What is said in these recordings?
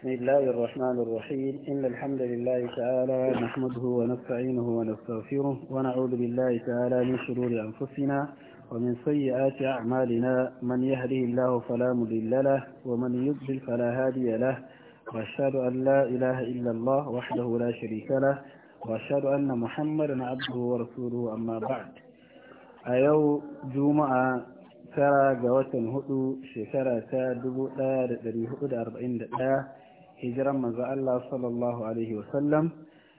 بسم الله الرحمن الرحيم إن الحمد لله تعالى نحمده ونستعينه ونستغفره ونعوذ بالله تعالى من شرور أنفسنا ومن سيئات أعمالنا من يهده الله فلا مضل له ومن يضلل فلا هادي له وأشهد أن لا إله إلا الله وحده لا شريك له وأشهد أن محمدا عبده ورسوله أما بعد أيو جمعة ترى جوات هدو تا دبو لا ربعين hijiran manzo Allah sallallahu alaihi wasallam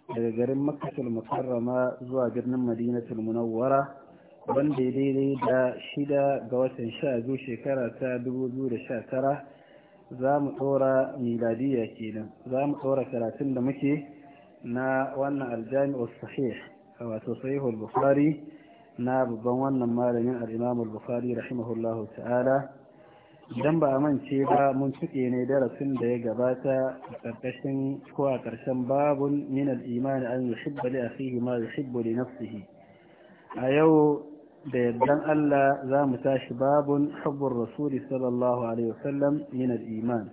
daga garin makkatul mukarrama zuwa birnin madinatul munawwara wanda ya daidai da shida ga watan sha biyu shekara ta dubu biyu da sha tara za mu tsora miladiya kenan za mu tsora karatun da muke na wannan aljami'u sahih wato sahihul bukhari na babban wannan malamin al-imam bukhari rahimahullahu ta'ala idan ba a mance ba mun tuke ne darasin da ya gabata a ƙarƙashin ko a ƙarshen babun min imani an yuhibbu li akhihi ma yuhibbu li nafsihi a yau da yardan Allah za mu tashi babun hubbur rasul sallallahu alaihi wasallam min iman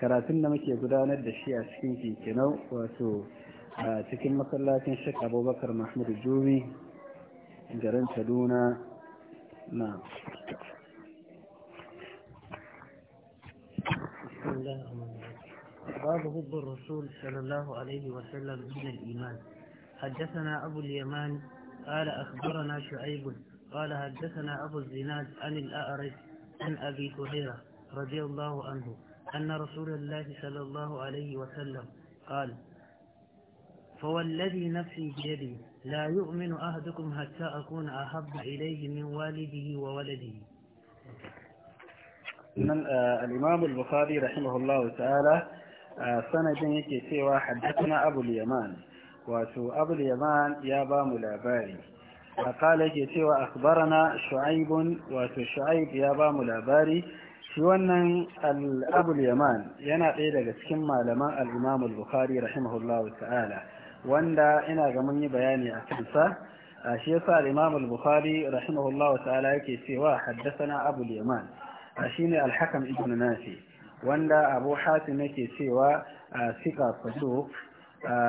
karatun da muke gudanar da shi a cikin kinkinau wato a cikin masallacin Sheikh Abubakar Mahmud Jumi garin Kaduna na بسم الله الرحمن الرحيم باب حب الرسول صلى الله عليه وسلم من الإيمان حدثنا أبو اليمان قال أخبرنا شعيب قال حدثنا أبو الزناد عن الأعرج عن أبي هريرة رضي الله عنه أن رسول الله صلى الله عليه وسلم قال فوالذي نفسي بيدي لا يؤمن أحدكم حتى أكون أحب إليه من والده وولده nan eh, al-imam al-bukhari ta'ala eh, sanadin yake cewa haddathana abu yaman wato abu yaman ya ba mu labari qala yake cewa akhbarana shu'aib wato shu'aib ya bamu labari shi wannan abu yaman yana ɗaya daga cikin malaman al-imam al-bukhari rahimahullahu ta'ala wanda ina ga mun bayani a kansa eh, shi yasa al-imam al-bukhari rahimahullahu ta'ala yake cewa haddathana abul yaman shine ne alhakan ibn nafi wanda abu hatim yake cewa sika faso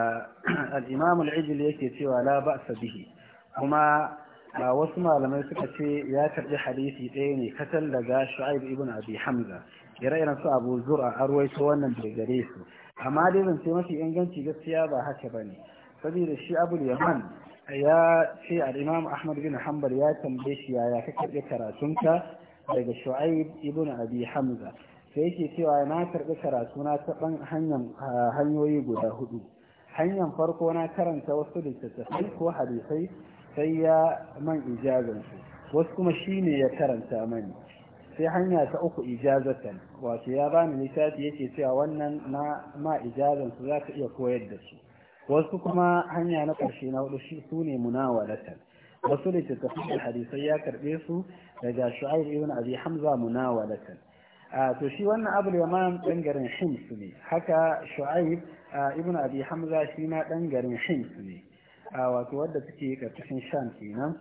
al’imam al’ijil yake cewa la ba'sa bihi kuma wasu malamai suka ce ya karbi hadisi ɗaya ne katal daga shu'aib ibn abi hamza ire-iren su abu zura a ruwaito wannan bai gare su amma dai zan ce mafi inganci gaskiya ba haka ba ne saboda shi abu yaman ya ce al’imam ahmad bin hanbal ya tambaye shi yaya ka karɓi karatunka daga shu'aib ibn abi hamza sai yake cewa na karɓi karatu na ta hanyar hanyoyi guda hudu hanyar farko na karanta wasu littattafai ko hadisai sai ya man ijazansu wasu kuma shi ne ya karanta mani sai hanya ta uku ijazatan wato ya bani littafi yake cewa wannan na ma ijazansu za ka iya koyar da su wasu kuma hanya na ƙarshe na hudu su ne munawalatan wasu littattafan hadisai ya karɓe su daga shu'aib ibn abi hamza munawalatan to shi wannan abul yaman dan garin hims ne haka shu'aib ibn abi hamza shi na dan garin hims ne wato wanda take karkashin sham kenan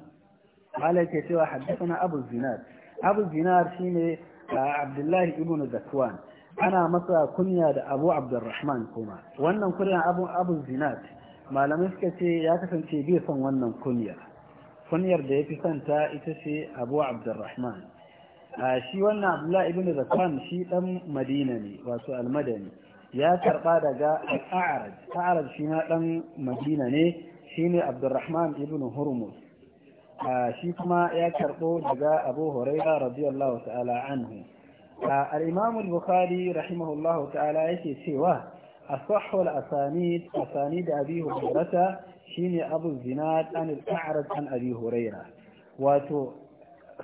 malai ke cewa haddathana abu zinar abu zinar shine abdullahi ibn zakwan ana masa kunya da abu abdurrahman kuma wannan kunya abu abu malamai suka ce ya kasance bai son wannan kunyar kunyar da ya fi santa ita ce abu abdurrahman shi wannan abdullahi ibn zakwan shi dan madina ne wato almadani ya karba daga a'raj a'raj shi ma dan madina ne shine abdurrahman ibn a shi kuma ya karbo daga abu huraira radiyallahu ta'ala anhu al-imam al-bukhari rahimahullahu ta'ala yake cewa asahhu al-asanid asanid abi hurairah shine abu zinad an an abi huraira wato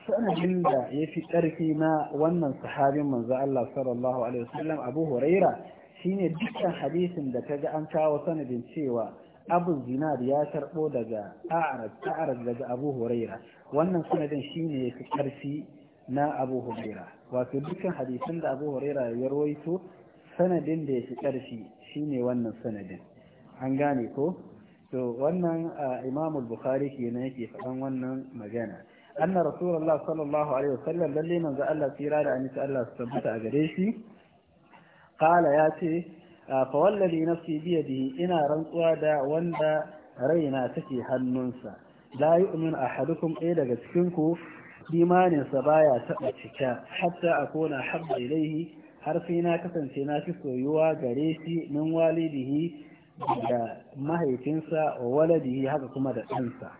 sanadin da ya fi ƙarfi na wannan sahabin manzo Allah sallallahu alaihi wasallam abu huraira shine dukkan hadisin da kaga an kawo sanadin cewa abu zinad ya karbo daga a'arad ta'arad daga abu huraira wannan sanadin shine ya fi ƙarfi na abu huraira wato dukkan hadisin da abu huraira ya rawaito sanadin da ya fi ƙarfi shine wannan sanadin an gane ko to wannan imam al-bukhari kenan yake faɗan wannan magana anna rasulullah sallallahu alaihi wasallam lalle manzo Allah tsira da annabi Allah su tabbata a gare shi qala ya ce fa wallazi nafsi bi yadihi ina rantsuwa da wanda raina take hannunsa la yu'min ahadukum ɗaya daga cikin ku imaninsa baya taɓa cika hatta akuna habba ilaihi har sai na kasance na fi soyuwa gare shi min walidihi da mahaifinsa wa waladihi haka kuma da ɗansa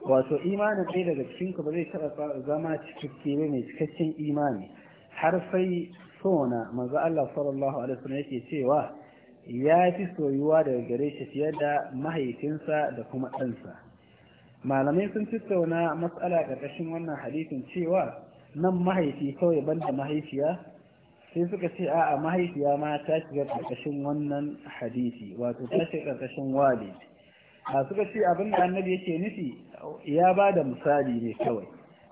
wato imanin ɗaya daga cikin ba zai taɓa zama cikakke ne mai cikakken imani har sai sona manzo Allah sallallahu alaihi wasallam yake cewa ya fi soyuwa daga gare shi fiye da mahaifinsa da kuma ɗansa malamai sun tattauna matsala ƙarƙashin wannan hadisin cewa nan mahaifi kawai banda mahaifiya sai suka ce a'a mahaifiya ma ta shiga karkashin wannan hadisi wato ta shiga karkashin wali a suka ce abin da annabi yake nufi ya ba da misali ne kawai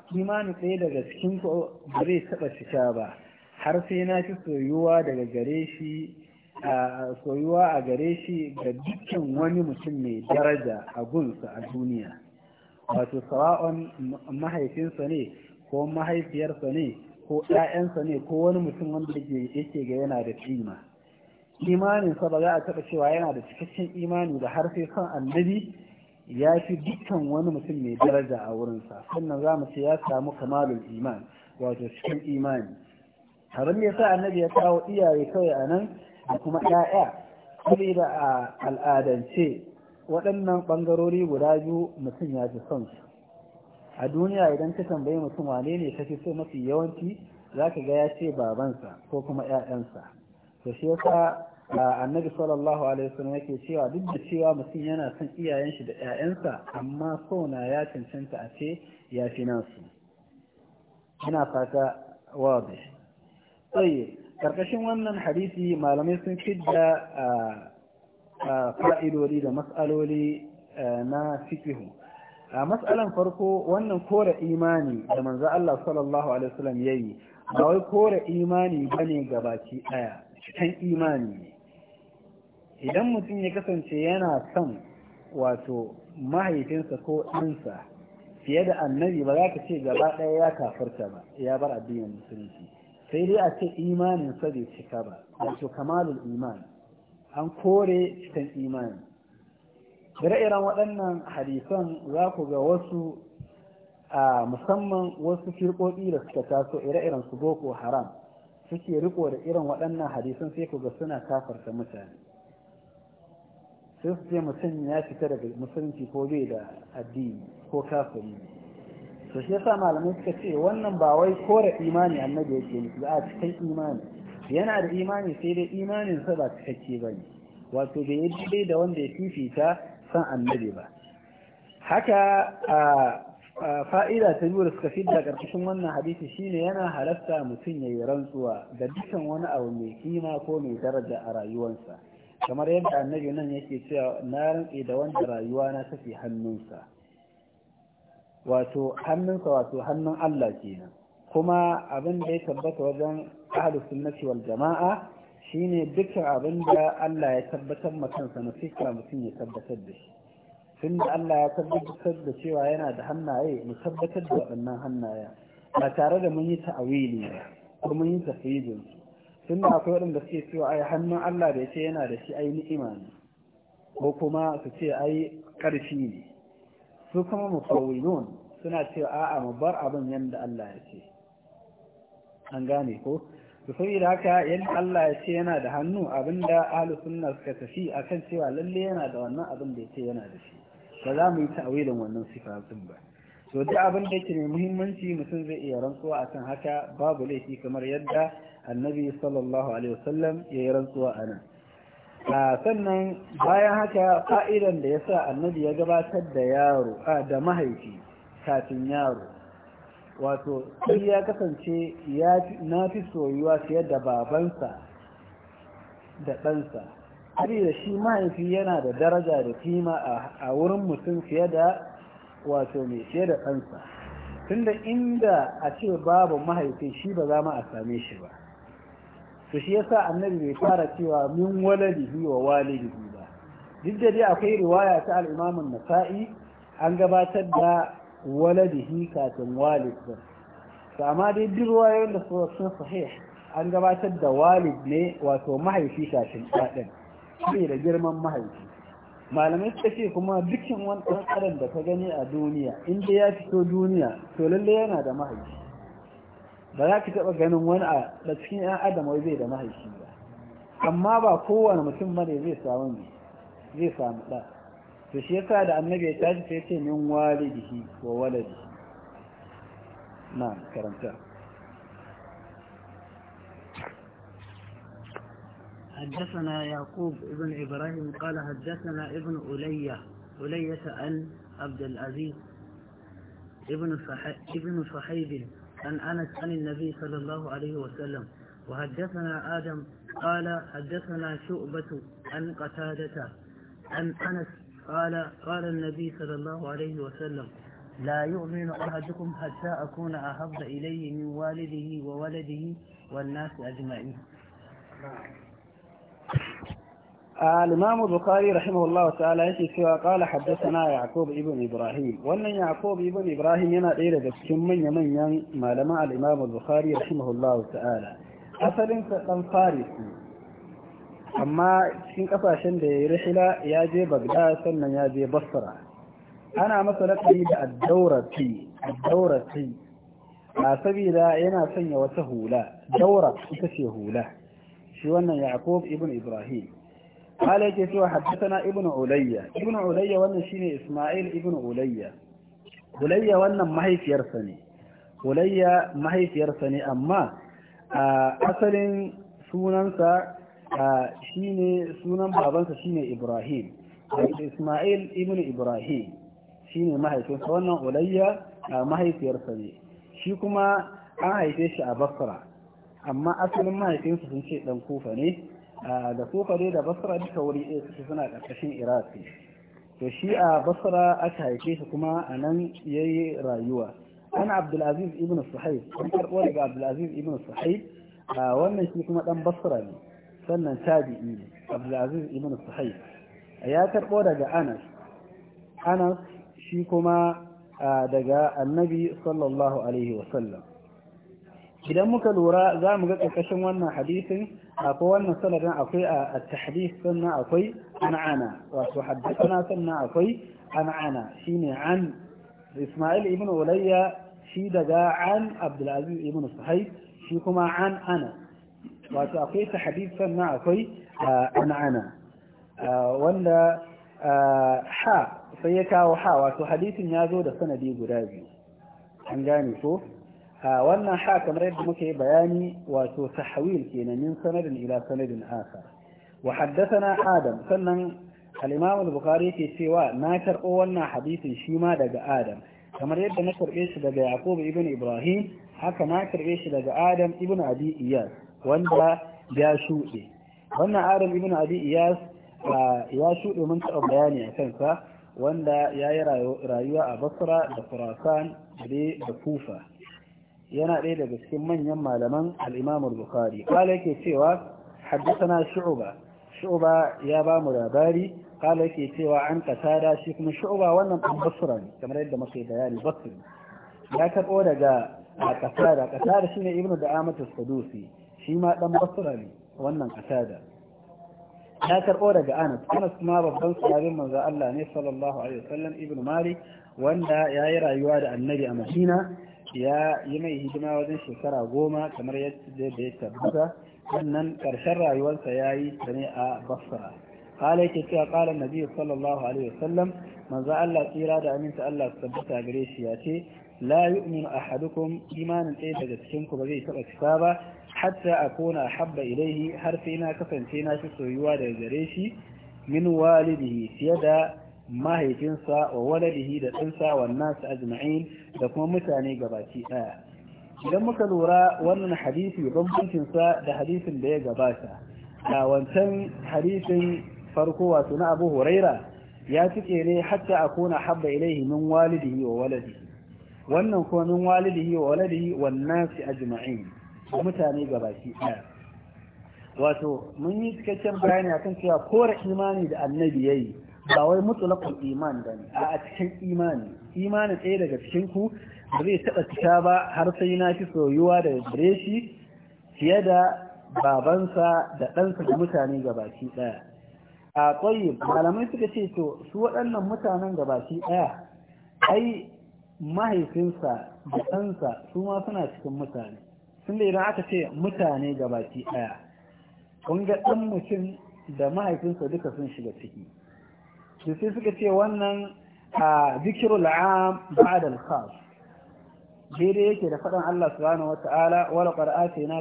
Kimanin ɗaya daga cikin ku ba zai taɓa shiga ba har sai na fi soyuwa daga gare shi a soyuwa a gare shi ga dukkan wani mutum mai daraja a gunsa a duniya wato sawa'on mahaifinsa ne ko mahaifiyarsa ne ko ‘ya'yansa ne ko wani mutum wanda yake ga yana da kima imaninsa ba za a taɓa cewa yana da cikakken imani da har sai son annabi ya fi dukkan wani mutum mai daraja a wurinsa sannan za mu ce ya samu kamalul iman wato cikin imani abin da ya sa annabi ya kawo iyaye kawai a nan da kuma ‘ya'ya saboda a al'adance waɗannan ɓangarori guda biyu mutum ya fi son su a duniya idan ka tambayi mutum wane ne kafi so mafi yawanci za ka ga ya ce babansa ko kuma 'ya'yansa to shi yasa annabi sallallahu alaihi wasallam yake cewa duk da cewa mutum yana son iyayen shi da 'ya'yansa amma so na ya cancanta a ce ya fi nasu ina fata wabe tsaye karkashin wannan hadisi malamai sun fidda fa'idodi da matsaloli eh, na fikihu a matsalan farko wannan kore imani da manzo Allah sallallahu alaihi wasallam yayi ba wai kore imani bane gabaci daya cikin imani idan mutum ya kasance yana son wato mahaifinsa ko ɗansa fiye da annabi ba za ka ce gaba ɗaya ya kafarta ba ya bar addinin musulunci sai dai a ce imanin sa bai cika ba wato kamalul iman an kore cikin imani ire-iren waɗannan hadisan za ku ga wasu a musamman wasu firƙoƙi da suka taso ire-iren su boko haram suke riko da irin waɗannan hadisan sai ku ga suna kafarta mutane sai su ce mutum ya fita daga musulunci ko bai da addini ko kafiri to shi yasa malamai suka ce wannan ba wai kore imani annabi yake nufi a cikin imani yana da imani sai dai imanin sa ba cikakke bane wato bai yi da wanda ya fifita san annabi ba haka fa'ida ta biyu da suka fi da ƙarƙashin wannan hadisi shine yana halasta mutum ya yi rantsuwa da dukkan wani abu mai kima ko mai daraja a rayuwarsa kamar yadda annabi nan yake cewa na rantsi da wanda rayuwa na tafi hannunsa wato hannunsa wato hannun Allah kenan kuma abin da ya tabbata wajen ahlus sunnati wal jama'a Shi ne dukkan abin da Allah ya tabbatar ma na fikira mutum ya tabbatar da shi tun da Allah ya tabbatar da cewa yana da hannaye mu tabbatar da waɗannan hannaye ba tare da mun yi ta'awili ba ko mun yi tafidin tun da akwai waɗanda suke cewa ai hannun Allah da ce yana da shi ai ni'ima ne ko kuma su ce ai ƙarfi ne su kuma mufawwilun suna cewa a'a mu bar abin yadda Allah ya ce an gane ko to saboda haka yadda Allah ya ce yana da hannu abinda ahli sunna suka tafi akan cewa lalle yana da wannan abin da ce yana da shi ba za mu yi ta'awilin wannan sifatin ba to duk abin da yake mai muhimmanci mutum zai iya rantsuwa akan haka babu laifi kamar yadda annabi sallallahu alaihi wasallam ya yi rantsuwa a nan sannan bayan haka fa'idan da ya sa annabi ya gabatar da yaro da mahaifi kafin yaro wato sai ya kasance na fi soyuwa fiye da babansa da ɗansa da shi mahaifi yana da daraja da kima a wurin mutum fiye da wato mai fiye da ɗansa tunda inda a ce babu mahaifi shi ba za mu a same shi ba su shi yasa annabi bai fara cewa min waladihi wa walidihi ba duk akwai riwaya ta al'imamun nasai an gabatar da waladihi kafin walid ba, to amma dai duk ruwayoyin da suka sun sahih an gabatar da walid ne wato mahaifi kafin ɗaɗin shi da girman mahaifi malamai suka ce kuma dukkan wani ɗan da ka gani a duniya in dai ya fito duniya to lalle yana da mahaifi ba za ka taɓa ganin wani a da cikin 'yan adam wai bai da mahaifi ba amma ba kowane mutum bane zai samu zai samu ɗa to shi yasa da annabi ya tashi sai ce min walidihi wa waladi na karanta حدثنا يعقوب ابن إبراهيم قال حدثنا ابن ألية ألية عن عبد العزيز ابن ابن صحيب عن أنس عن النبي صلى الله عليه وسلم وحدثنا آدم قال حدثنا شعبة عن قتادة عن أنس قال قال النبي صلى الله عليه وسلم لا يؤمن أحدكم حتى أكون أحب إليه من والده وولده والناس أجمعين الإمام البخاري رحمه الله تعالى يشي سوى قال حدثنا يعقوب ابن إبراهيم وأن يعقوب ابن إبراهيم ينا إيرا بسكم من يمن يعني ما لما الإمام البخاري رحمه الله تعالى أصل فارسي amma cikin kasashen da ya yi rihila ya je bagda sannan ya je basra ana masa lakari da addaurati addaurati a sabida yana sanya wata hula daura ita ce hula shi wannan yakub ibn ibrahim قال يجي حدثنا ابن عليا ابن عليا wannan ne isma'il ibn ulayya عليا wannan mahaifiyarsa ne عليا mahaifiyarsa ne amma asalin sunansa shine sunan babansa shine Ibrahim Ismail ibn Ibrahim shine mahaifinsa wannan Ulayya mahaifiyarsa ne shi kuma an haife shi a Basra amma asalin mahaifinsa sun ce dan Kufa ne da Kufa dai da Basra duka wuri ɗaya suke suna ƙarƙashin Iraki to shi a Basra aka haife shi kuma a nan yayi rayuwa ana Abdulaziz ibn Suhaib an karɓo daga Abdulaziz ibn Suhaib wannan shi kuma dan Basra ne sannan tabi'i ne abdulaziz ibn suhaib ya karbo daga anas anas shi kuma daga annabi sallallahu alaihi wasallam idan muka lura za mu ga ƙarƙashin wannan hadisin akwai wannan sanadin akwai a tahdis sannan akwai an'ana wasu haddasana sannan akwai an'ana shine an isma'il ibn ulayya shi daga an abdulaziz ibn suhaib shi kuma an anas wato akwai hadisan sannan akwai ana'ana ah, ah, wanda ah, ha sai ya kawo ha wato hadisin ya zo da sanadi guda biyu an gane ko wannan ha kamar yadda muka yi bayani wato tahawil kenan min sanadin ila sanadin asa wa haddathana adam sannan al-imam al-bukhari yake cewa na karɓo wannan hadisin shi ma daga adam kamar yadda na karɓe shi daga yaqub ibn ibrahim haka na karɓe shi daga adam ibn abi iyas wanda ya shuɗe wannan adam ibn abi iyas ya shuɗe mun taɓa bayani a kansa wanda ya yi rayuwa a basra da khurasan da kufa yana ɗaya daga cikin manyan malaman al bukari al-bukhari yake cewa haddathana shu'ba shu'ba ya ba mu labari qala yake cewa an kasada shi kuma shu'ba wannan dan basra ne kamar yadda muke bayani basri ya karɓo daga ƙasada qatada shine ibnu da as-sadusi shi ma dan basra ne wannan qatada ya karbo daga Anas Anas ma babban sahabin manzo Allah ne sallallahu alaihi wasallam ibnu Malik wanda ya yi rayuwa da annabi a Madina ya yi mai hidima wajen shekara goma kamar yadda da ya tabbata sannan karshen rayuwarsa ya yi ta ne a Basra قال يكي قال النبي صلى الله Allah وسلم da ذا Allah تيرا دا أمين الله تثبت أغريشي ياتي لا ɗaya daga cikin ku ba zai بغي تبقى ba? hatta kona habba ilaihi har sai na kasance na fi soyuwa daga gare shi min walidihi fiye da mahaifinsa wa waladihi da ɗansa wa nasu ajma'in da kuma mutane gabaki ɗaya idan muka lura wannan hadisi bambancinsa da hadisin da ya gabata a wancan hadisin farko wato na abu huraira ya cike ne hatta akuna habba ilaihi min walidihi wa waladihi wannan kuma min walidihi wa waladihi wan nasi ajma'in mutane gabaki ɗaya wato mun yi cikakken bayani akan cewa kore imani da annabi yayi ba wai mutlaqul iman bane a cikin imani imani ɗaya daga cikin ku ba zai taɓa cika ba har sai na fi soyuwa da gare shi fiye da babansa da ɗansa da mutane baki ɗaya a malamai suka ce to su waɗannan mutanen baki ɗaya ai mahaifinsa da ɗansa su ma suna cikin mutane tunda idan aka ce mutane gabaki ɗaya ƙungiyar ɗan mutum da mahaifinsa duka sun shiga ciki da sai suka ce wannan a zikirul am ba'd khas daidai yake da faɗan Allah subhanahu wata'ala wala qad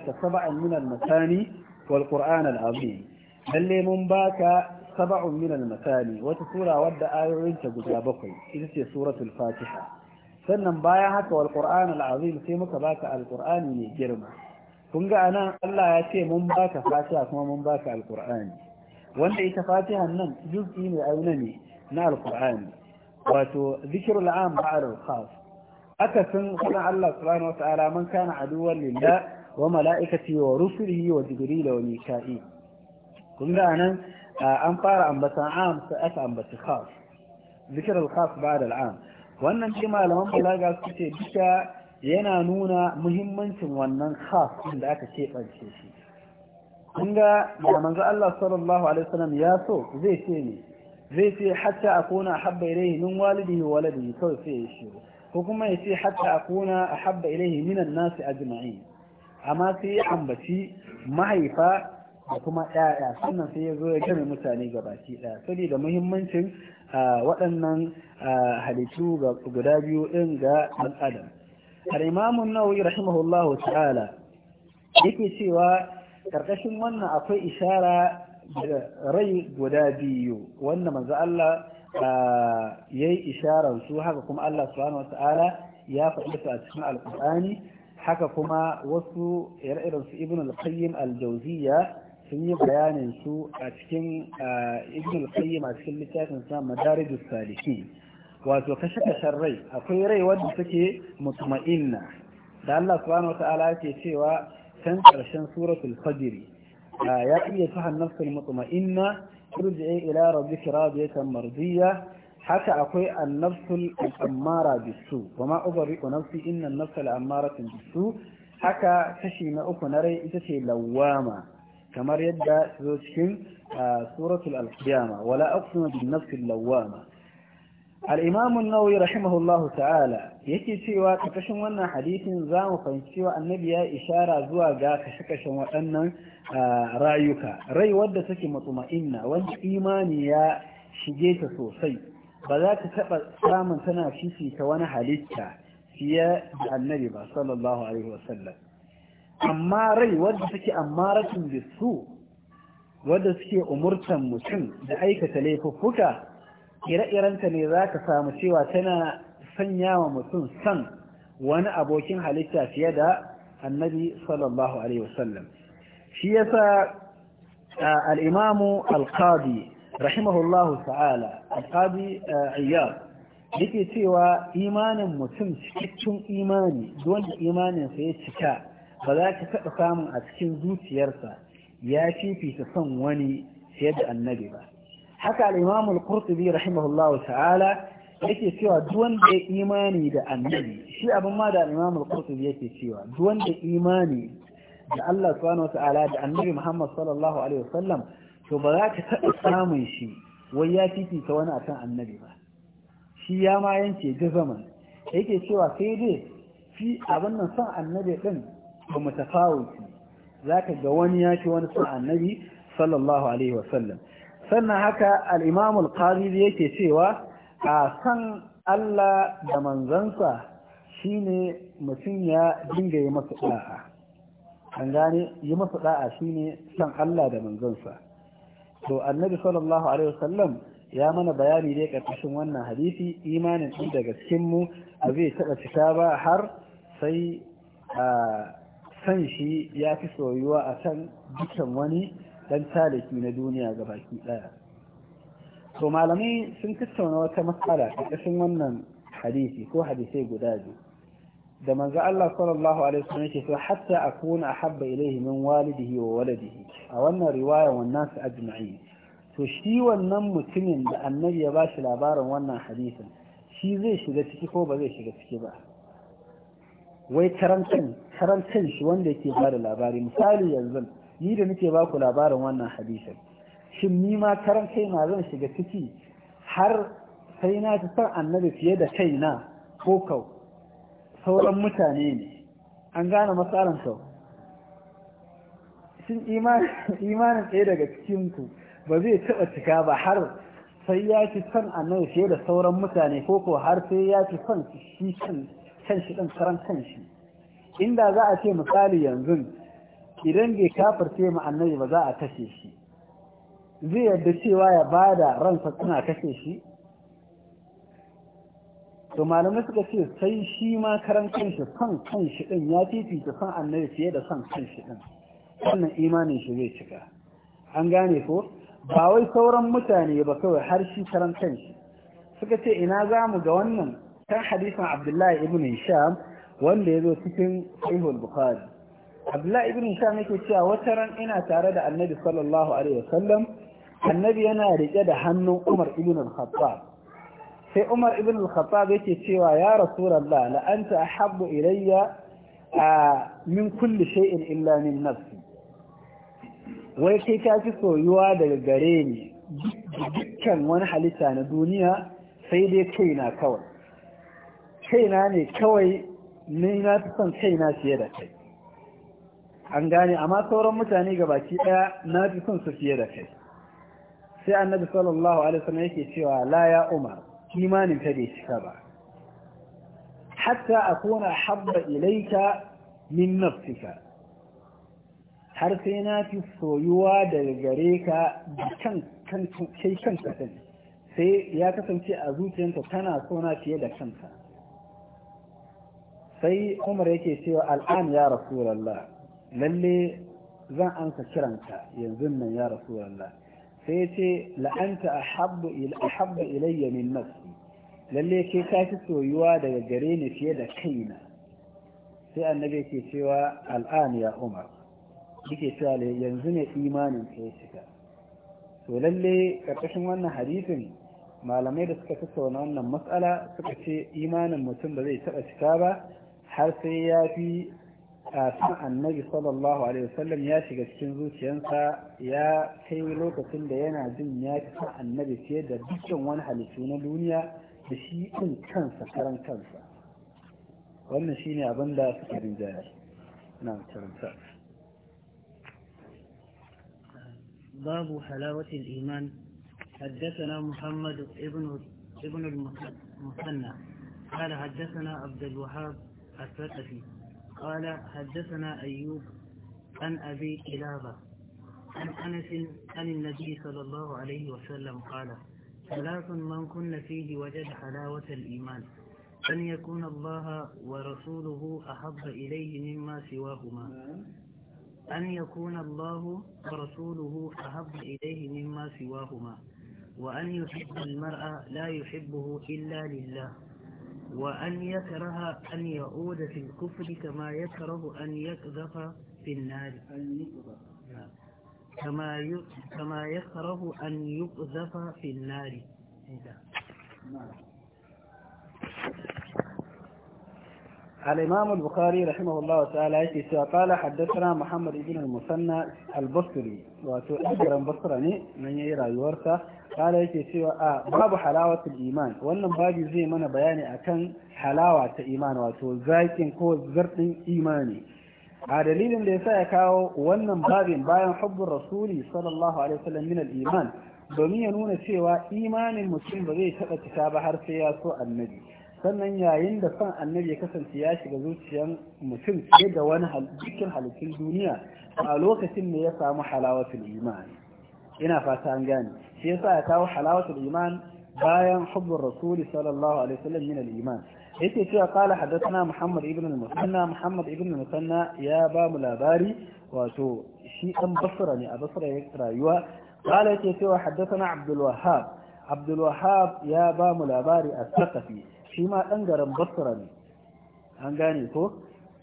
ta sab'an min al masani wal qur'an al azim lalle mun baka sab'un min al masani wata sura wadda ayoyinta guda bakwai ita ce suratul fatiha sannan bayan haka wal qur'an al azim sai muka baka al qur'ani ne girma kun ga anan Allah ya ce mun baka fatiha kuma mun baka al qur'ani wanda ita fatiha nan juz'i ne auna ne na al qur'ani wato zikrul am ba'd al khas aka san kana Allah subhanahu wa ta'ala man kana aduwwan lillah wa mala'ikati wa rusulihi wa jibril wa mika'il kun ga anan an fara ambatan am sai aka ambaci khas ذكر الخاص بعد العام wannan ce malaman balaga su ce duka yana nuna muhimmancin wannan khas da aka ce ɓance shi kun ga da manzo Allah sallallahu alaihi wasallam ya so zai ce ne zai ce hatta akuna habba ilayhi min walidihi wa waladihi kawai sai ya shiru ko kuma ya ce hatta akuna habba ilayhi min an-nasi ajma'in amma sai ya ambaci mahaifa da kuma ɗaya sannan sai ya zo ya game mutane gabaki ɗaya saboda muhimmancin waɗannan halittu guda biyu ɗin ga al'adam adam al-imamu nawawi rahimahullahu ta'ala yake cewa karkashin wannan akwai ishara da rai guda biyu wanda manzo Allah yayi isharar su haka kuma Allah subhanahu wata'ala ya faɗi su a cikin alƙur'ani haka kuma wasu ire-iren su ibn al-qayyim al-jawziyya sun yi bayanin su a cikin ibn al-qayyim a cikin littafin sa madarijus saliki wato kashe kashen rai akwai rai wanda take mutma'inna da Allah subhanahu wata'ala yake cewa kan karshen suratul fajr ya iya tuhan nafsul mutma'inna turji'i ila rabbika radiyatan mardiyya haka akwai annafsul al'ammara bisu kuma ubari'u nafsi inna an-nafsala ammaratun bisu haka kashi na uku na rai ita ce lawama kamar yadda zo cikin suratul al-qiyama wala aqsimu bin nafsil lawwama al-imam an-nawawi rahimahullahu ta'ala yake cewa kafashin wannan hadisin za mu fahimci wa annabi ya ishara zuwa ga kashe-kashen waɗannan rayuka rai wadda take matsuma'inna wanda imani ya shige ta sosai ba za ta taɓa samun tana fifita wani halitta fiye da annabi ba sallallahu alaihi wasallam amma rai wadda suke amma rashin bisu wadda suke umurtan mutum da aikata laifuffuka ire-irenta ne za ka samu cewa tana sanya wa mutum san wani abokin halitta fiye da annabi sallallahu alaihi wasallam shi yasa al alkabi al rahimahullahu ta'ala al-qadi iyad yake cewa imanin mutum cikakken imani dole imaninsa ya cika ba za ka taɓa samun a cikin zuciyarsa ya fifita son wani fiye da annabi ba haka al-imamu al-qurtubi rahimahullahu ta'ala yake cewa duk wanda imani da annabi shi abin ma da al al-qurtubi yake cewa duk imani da Allah subhanahu wa ta'ala da annabi Muhammad sallallahu alaihi wasallam to ba za ka taɓa samun shi wai ya fifita wani a kan annabi ba shi ya ma yanke zaman yake cewa sai dai fi abin nan son annabi ɗin ba mutafawuti zaka ga wani ya ci wani sun annabi sallallahu alaihi wasallam sannan haka al'imamul imam al yake cewa a san Allah da manzansa shine mutum ya dinga yi masa ɗa'a an gane yi masa da'a shine san Allah da manzansa to annabi sallallahu alaihi wasallam ya mana bayani dai karkashin wannan hadisi imanin ɗin daga cikin mu ba zai taɓa cika ba har sai a san shi ya fi soyuwa a kan dukkan wani dan taliki na duniya ga baki ɗaya to malamai sun tattauna wata matsala ƙasashen wannan hadisi ko hadisai guda biyu da manzo Allah sallallahu alaihi wasallam yake cewa hatta akuna ahabba ilayhi min walidihi wa waladihi a wannan riwaya wannan su ajma'in to shi wannan mutumin da annabi ya bashi labarin wannan hadisin shi zai shiga ciki ko ba zai shiga ciki ba wai karantan karantan shi wanda yake ba da labari misali yanzu ni da nake ba ku labarin wannan hadisin shin ni ma karan ma zan shiga ciki har sai na fi son annabi fiye da kaina ko kau sauran mutane ne an gane matsalan sau shin imanin ɗaya daga cikinku ba zai taɓa cika ba har sai ya fi son annabi fiye da sauran mutane ko ko har sai ya fi son shi Kanshi shi ɗin karan kan shi inda za a ce misali yanzu idan bai kafirce mu annabi ba za a kashe shi zai yadda cewa ya ba da ransa suna kashe shi to malamai suka ce sai shi ma karan kanshi son kanshi ɗin ya fifita son annabi fiye da son kanshi ɗin, wannan imanin shi zai cika an gane ko ba wai sauran mutane ba kawai har shi karan kanshi suka ce ina za mu ga wannan kan hadisin abdullahi ibn hisham wanda ya zo cikin sahihul bukhari abdullahi ibn hisham yake cewa wata ran ina tare da annabi sallallahu alaihi wasallam annabi yana rike da hannun umar ibn al-khattab sai umar ibn al-khattab yake cewa ya rasulullah la anta ahabbu ilayya min kulli shay'in illa min nafsi wai kai ka fi soyuwa daga gare ni dukkan wani halitta na duniya sai dai kaina kawai kaina ne kawai ni na fi son kaina fiye da kai an gane amma sauran mutane ga baki daya na fi son su fiye da kai sai annabi sallallahu alaihi wasallam yake cewa la ya umar imanin ka bai cika ba hatta akuna habba ilaika min nafsika har sai na fi soyuwa daga gare ka da kan kan kai kanka sai ya kasance a zuciyarka tana sona fiye da kanka sai umar yake cewa al'an ya rasulallah lalle zan ansa kiranka yanzu nan ya rasulallah sai yace la'anta ahabbu ahabbu ilayya min nafsi lalle ke ka fi soyuwa daga gare ni fiye da kaina sai annabi yake cewa al'an ya umar yake cewa yanzu ne imanin ka ya shiga to lalle karkashin wannan hadisin malamai da suka tattauna wannan matsala suka ce imanin mutum ba zai taɓa cika ba har sai ya fi san annabi sallallahu alaihi wasallam ya shiga cikin zuciyarsa ya kai lokacin da yana jin ya fi san annabi fiye da dukkan wani halittu na duniya da shi ɗin kansa karan kansa wannan shine abin da suka rinjaya na karanta babu حلاوة الإيمان حدثنا محمد ابن ابن المثنى قال حدثنا عبد الوهاب الثقفي قال حدثنا أيوب عن أبي كلابة عن أنس عن النبي صلى الله عليه وسلم قال ثلاث من كن فيه وجد حلاوة الإيمان أن يكون الله ورسوله أحب إليه مما سواهما أن يكون الله ورسوله أحب إليه مما سواهما وأن يحب المرأة لا يحبه إلا لله وأن يكره أن يعود في الكفر كما يكره أن يقذف في النار آه. كما كما يكره أن يقذف في النار نعم. الإمام البخاري رحمه الله تعالى قال حدثنا محمد بن المثنى البصري وتؤجر بصرني من يرى يورثه kala yake cewa a babu halawatul iman wannan babu zai mana bayani akan halawa ta iman wato zakin ko zartin imani a dalilin da yasa ya kawo wannan babin bayan hubbur rasuli sallallahu alaihi wasallam min iman domin ya nuna cewa imanin mutum ba zai taɓa cika ba har sai ya so annabi sannan yayin da son annabi ya kasance ya shiga zuciyan mutum fiye da wani dukkan halittun duniya a lokacin ne ya samu halawatul iman ina fata an gane shi yasa ya kawo halawatul iman bayan hubbur rasuli sallallahu alaihi wasallam min al iman yake cewa qala hadathana muhammad ibn al musanna muhammad ibn al musanna ya ba mu labari wato shi dan basra ne a basra ya rayuwa qala yake cewa hadathana abdul wahhab abdul wahhab ya ba mu labari as-saqafi shi ma dan garin basra ne an gane ko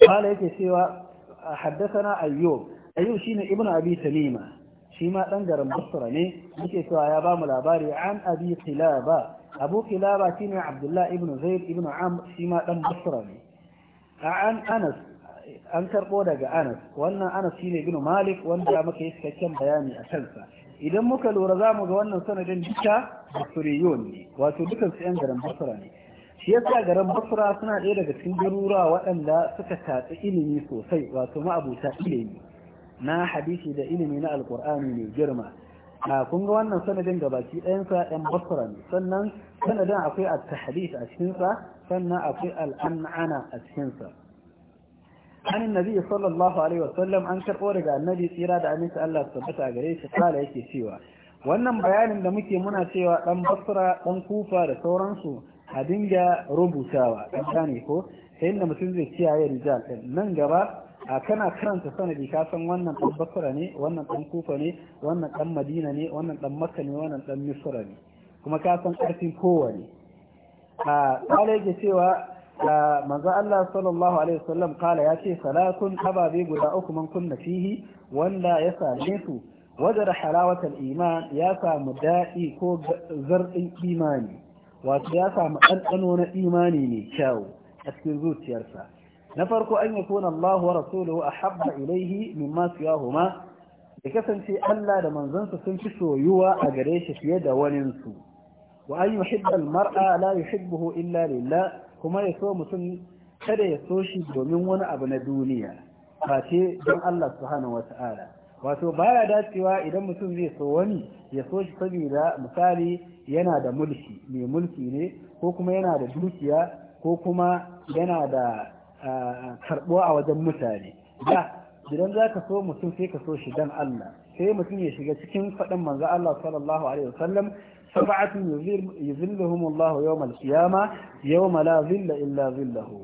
qala yake cewa حدثنا أيوب أيوب شين ابن أبي تميمة shi ma ɗan garin Basra ne Muke cewa ya ba mu labari an abi kilaba. Abu Qilaba shine Abdullah ibn Zaid ibn Amr shi ma ɗan Basra ne an Anas an karɓo daga Anas wannan Anas shine ibn Malik wanda muka yi cikakken bayani a kansa idan muka lura za mu ga wannan sanadin duka Basriyon ne wato dukan su ƴan garin Basra ne shi yasa garin Basra suna ɗaya daga cikin garuruwa waɗanda suka tatsi ilimi sosai wato ma'abuta ilimi na hadisi da ilimi na alkur'ani mai girma a kun ga wannan sanadin da baki ɗayansa ɗan basra ne sannan sanadin akwai at-tahdith a cikinsa sannan akwai al-an'ana a cikinsa sallallahu alaihi wasallam an karɓo daga annabi tsira da إرادة أن يسأل الله gare shi kala yake cewa wannan bayanin da muke muna cewa ɗan basra ɗan kufa da sauransu a dinga rubutawa ɗan ne ko ta inda mutum zai kiyaye rijal ɗin nan gaba a kana karanta sanadi ka san wannan dan Bakara ne wannan dan kufa ne wannan dan madina ne wannan dan makka ne wannan dan misra ne kuma ka san karfin kowane a kala yake cewa manzo Allah sallallahu alaihi wasallam kala ya ce salatun ababe guda uku man kunna fihi wanda ya same su wajar halawatar iman ya samu daɗi ko zarɗin imani wato ya samu ɗanɗano na imani ne kyau a cikin zuciyarsa na farko an yakuna Allah wa rasuluhu ahabba ilayhi mimma siyahuma ya kasance Allah da manzansa sun fi soyuwa a gare shi fiye da waninsu wa an yuhibba al-mar'a la yuhibbuhu illa lillah kuma ya so mutum kada ya so shi domin wani abu na duniya ba ce don Allah subhanahu wata'ala wato baya dacewa idan mutum zai so wani ya so shi saboda misali yana da mulki mai mulki ne ko kuma yana da dukiya ko kuma yana da karbuwa a wajen mutane da idan za ka so mutum sai ka so shi dan Allah sai mutum ya shiga cikin faɗin manzo Allah sallallahu alaihi wasallam sab'atun yuzilluhum Allah yawm al-qiyama la zilla illa zillahu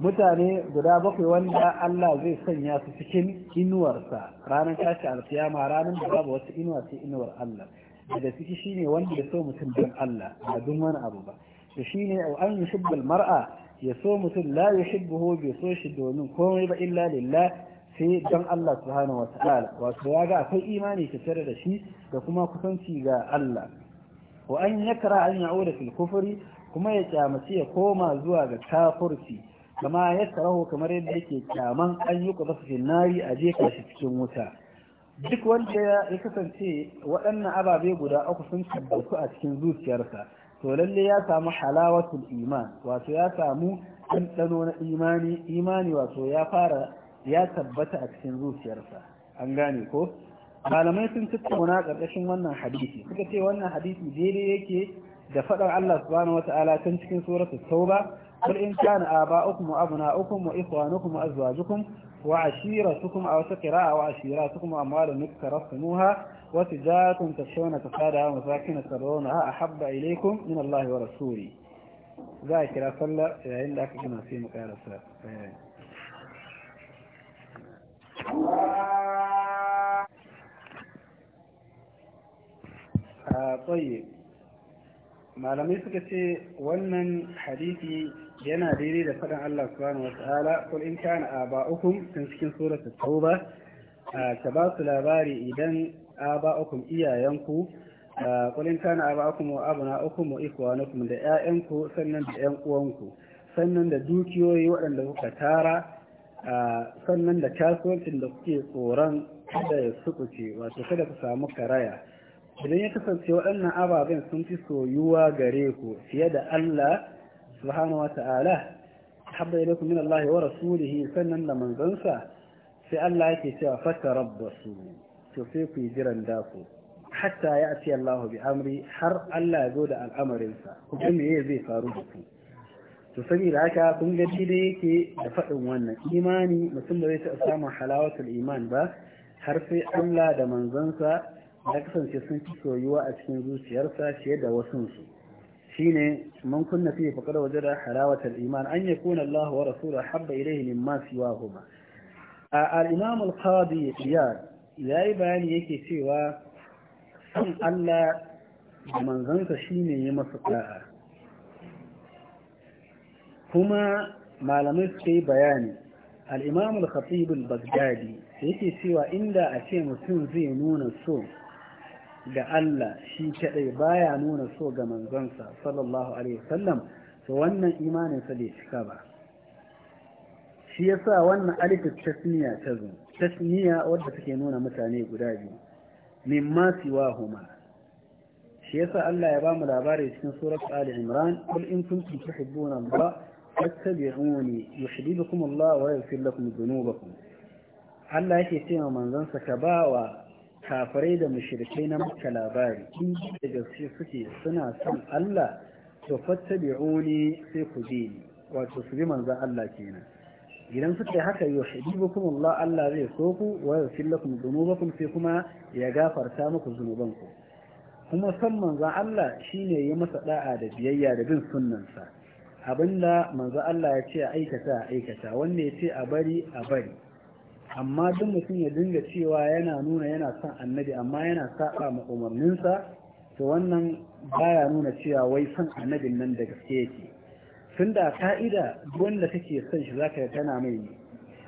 mutane guda bakwai wanda Allah zai sanya su cikin inuwarsa ranar tashi alkiyama ranar da babu wata inuwa sai inuwar Allah da ciki shine wanda ya so mutum dan Allah ba dun wani abu ba shine an yushibbu mara ya so mutum la buhu bai so shi domin komai ba illa lillah sai don Allah subhanahu wata'ala wato ya ga akwai imani tare da shi da kuma kusanci ga Allah wa an yakra an ya fil kufri kuma ya kyamaci ya koma zuwa ga kafirci kama ya karaho kamar yadda yake kyaman an yi kwaba fil nari a jefa shi cikin wuta duk wanda ya kasance waɗannan ababe guda uku sun tabbatu a cikin zuciyarsa to lalle ya samu halawatul iman wato ya samu ɗanɗano na imani imani wato ya fara ya tabbata a cikin zuciyarsa an gane ko malamai sun tattauna ƙarƙashin wannan hadisi suka ce wannan hadisi daidai yake da faɗar Allah subhanahu wata'ala tun cikin suratu tauba قل إن كان آباؤكم وأبناؤكم وإخوانكم وأزواجكم وعشيرتكم أو سقراء وعشيراتكم وأموال اقترفتموها وتجارة تشون تفادها ومساكن ترونها أحب إليكم من الله ورسوله ذلك لا صلى إلا كما في مقال آه، طيب ما لم شيء ونن حديثي جنا ديري لفقا الله سبحانه وتعالى قل إن كان آباؤكم تنسكن سورة التوبة آه تباطل باري إذن aba'ukum iyayenku kulin kana aba'ukum wa abna'ukum wa ikhwanukum da ƴaƴanku sannan da ƴan uwanku sannan da dukiyoyi waɗanda kuka tara sannan da kasuwancin da kuke tsoron kada ya sukuce wato kada ku samu karaya idan ya kasance waɗannan ababen sun fi soyuwa gare ku fiye da Allah subhanahu wata'ala habba ilaikum min Allah wa rasulihi sannan da manzansa sai Allah yake cewa fatarabbasu to sai ku yi jiran daku hatta ya ce Allah bi amri har Allah ya zo da al'amarinsa ku ga me zai faru da ku to saboda haka kun ga shi da yake da faɗin wannan imani mutum da zai taɓa samun halawatul iman ba har sai Allah da manzansa ya kasance sun fi soyuwa a cikin zuciyarsa fiye da wasunsu shine man kunna fi faqad wajada halawatul iman an yakuna Allah wa rasuluhu habba ilayhi mimma siwahuma al-imam al-qadi ya yi bayani yake cewa son Allah da manzansa shi ne ya masa ɗa'a kuma malamai suka yi bayani al'imamul khatibul bagdadi yake cewa inda a ce mutum zai nuna so ga Allah shi kaɗai baya nuna so ga manzansa sallallahu alaihi wasallam to wannan imaninsa bai cika ba shi yasa wannan alifin tasniya ta zo tasniya wadda take nuna mutane guda biyu mimma huma. shi yasa Allah ya bamu labari cikin surat Ali Imran kul in kuntum tuhibbuna Allah fattabi'uni yuhibbukum Allah wa yaghfir lakum dhunubakum Allah yake cewa manzon sa ka bawa kafirai da mushrikai na Makka labari in da gaske suke suna son Allah to fattabi'uni sai ku bi ni wato su bi manzon Allah kenan idan suka yi haka yau kuma Allah Allah zai so ku wa fi lakum dhunubakum sai kuma ya gafarta muku zunubanku kuma san manzon Allah shine ya masa da'a da biyayya da bin sunnansa abinda manzo Allah ya ce a aikata a aikata wanda ya ce a bari a bari amma duk mutum ya dinga cewa yana nuna yana son annabi amma yana saba ma umarninsa to wannan baya nuna cewa wai son annabin nan da gaske yake tun da ka'ida wanda kake son shi zaka tana mai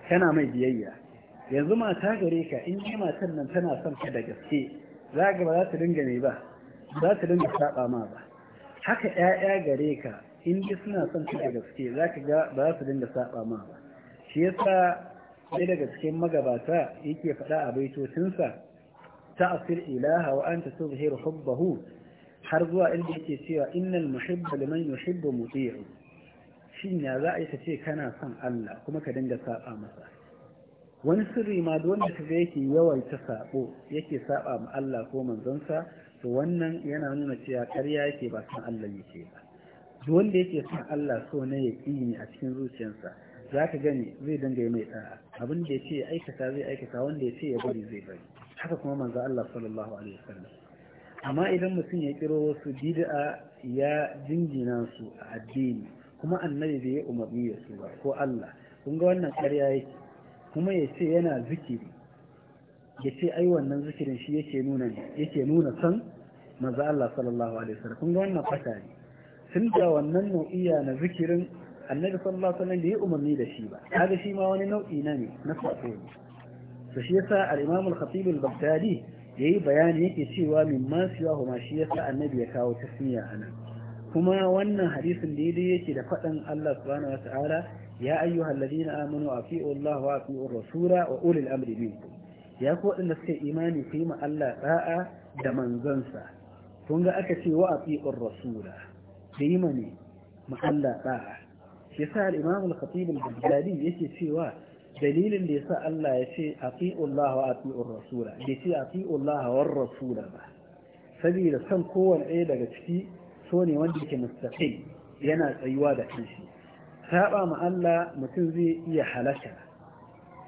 tana mai biyayya yanzu mata gare ka in ji matan nan tana son ka da gaske za ga ba za ta dinga ne ba za ta dinga saba ma ba haka ƴaƴa gare ka in ji suna son ka da gaske za ka ga ba za su dinga saba ma ba shi yasa ɗaya daga cikin magabata yake faɗa a baitocinsa ta asir ilaha wa anta tuzhiru hubbahu har zuwa inda yake cewa innal muhibba liman yuhibbu muti'u Shinya za a yi ka ce kana son Allah kuma ka dinga saba masa wani sirri ma da wanda kaga yake yawaita sabo yake saba ma Allah ko manzonsa to wannan yana nuna cewa ƙarya yake ba san Allah yake ba duk wanda yake son Allah so ne ya yi a cikin zuciyarsa za ka gani zai dinga yi mai tsara abin da ya ce ya aikata zai aikata wanda ya ce ya bari zai bari haka kuma manzo Allah sallallahu alaihi wasallam amma idan mutum ya kiro wasu bid'a ya jingina su a addini kuma annabi bai yi umarni ya su ba ko Allah kun ga wannan ƙarya yake kuma ya ce yana zikiri ya ce ai wannan zikirin shi yake nuna yake nuna san maza Allah sallallahu alaihi wasallam kun ga wannan fata ne sun da wannan nau'iya na zikirin annabi sallallahu alaihi wasallam bai yi umarni da shi ba kaga shi ma wani nau'i na ne na sako ne to shi yasa al-Imam al-Khatib al-Baghdadi yayi bayani yake cewa min ma siwa huma shi yasa annabi ya kawo tasmiya anan kuma wannan hadisin daidai yake da faɗin Allah subhanahu wata'ala ya ayyuhal ladina amanu afi'u Allah wa afi'u rasula wa ulil amri minkum ya ku waɗanda suka imani ku yi ma Allah da'a da manzansa kun ga aka ce wa afi'u rasula da yi mane ma Allah da'a shi yasa al-Imam al-Khatib al-Baghdadi yake cewa dalilin da yasa Allah ya ce afi'u Allah wa afi'u rasula bai ce afi'u Allah wa rasula ba sabida san kowanne daga ciki so ne wanda yake mustaqim yana tsayuwa da kanshi saba ma Allah mutum zai iya halaka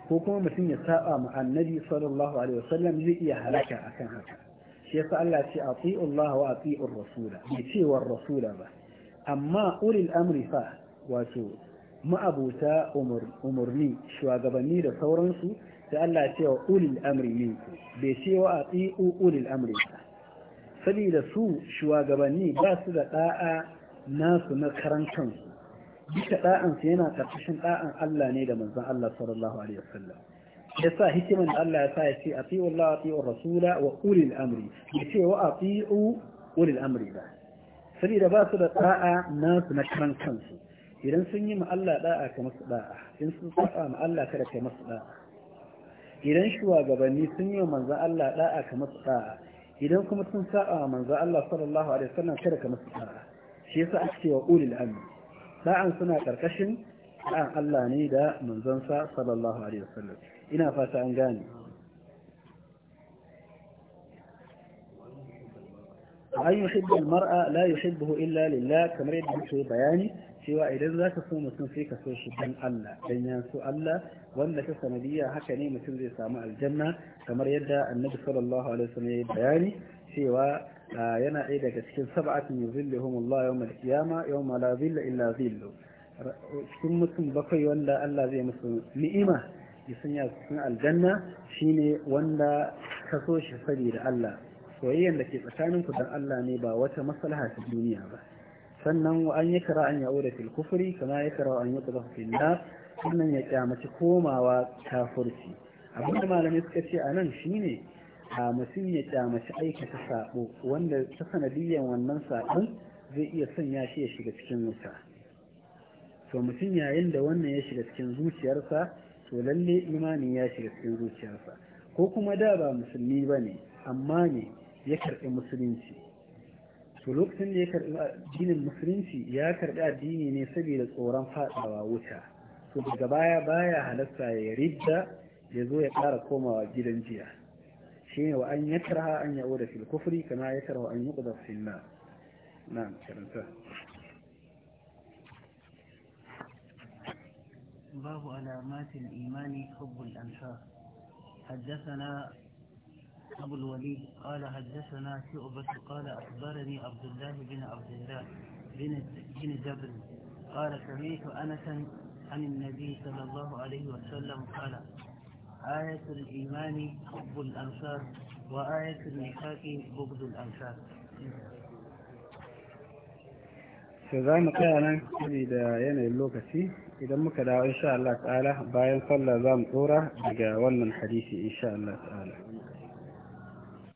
ko kuma mutum ya saba ma annabi sallallahu alaihi wasallam zai iya halaka akan haka shi yasa Allah ce ati'u Allah wa ati'u rasula bai ce war rasula ba amma ulil amri fa wato ma'abuta umurni shugabanni da sauransu sai Allah ce wa ulil amri minku bai ce wa ati'u ulil amri fa saboda su shugabanni ba su da ɗa'a nasu na karan kansu duka da'ansu yana karkashin ɗa'an Allah ne da manzon Allah sallallahu alaihi wasallam yasa hikiman da Allah ya sa ya ce atiu Allah atiu rasula wa ulil amri ya ce wa atiu ulil amri ba. saboda ba su da ɗa'a nasu na karan kansu idan sun yi ma Allah ɗa'a ka masu da'a in sun saba ma Allah kada ka masu ɗa'a. idan shugabanni sun yi wa manzon Allah ɗa'a ka masu da'a idan kuma sun sa'a manzo Allah sallallahu alaihi wasallam kada ka musu sa'a shi yasa ake cewa ulil amri sa'an suna karkashin sa'an Allah ne da manzon sa sallallahu alaihi wasallam ina fata an gane أن al mar'a la yuhibbu illa lillah kamar yadda yake bayani cewa idan za ka so mutum sai ka so shi dan Allah dan ya so Allah wanda ta sanadiyya haka ne mutum zai samu aljanna kamar yadda annabi sallallahu alaihi wasallam ya bayani cewa yana ɗaya daga cikin sab'atin yuzilluhum Allah yawmal qiyama yawma la zilla illa zillu cikin mutum bakwai wanda Allah zai musu ni'ima ya sanya cikin aljanna shine wanda ka so shi saboda Allah soyayyen da ke tsakaninku dan Allah ne ba wata maslaha ta duniya ba sannan wa an yakra an da fil kufri kama yakra an yutlaqa fil nar sannan ya kyamaci komawa kafirci abin da malamai suka ce a nan shine a mutum ya kyamaci aikata saɓo wanda ta sanadiyyar wannan sabon zai iya sanya shi ya shiga cikin wuta to mutum yayin da wannan ya shiga cikin zuciyarsa to lalle imani ya shiga cikin zuciyarsa ko kuma da ba musulmi ba ne amma ne ya karɓi musulunci to lokacin da ya karbi addinin musulunci ya karbi addini ne saboda tsoron faɗawa wuta to daga baya baya halatta ya ridda ya zo ya ƙara komawa gidan jiya shi ne wa an ya karha an ya oda fil kufri kama ya karha an yi ƙudar finna na karanta باب علامات الإيمان حب الأنصار حدثنا أبو الوليد قال حدثنا شعبة قال أخبرني عبد الله بن عبد الله بن جبل قال سمعت أنسا عن النبي صلى الله عليه وسلم قال آية الإيمان حب الأنصار وآية النفاق بغض الأنصار to za mu tsaya nan saboda إذا lokaci إن شاء الله تعالى Allah ta'ala bayan sallah za mu tsora daga wannan hadisi insha Allah ta'ala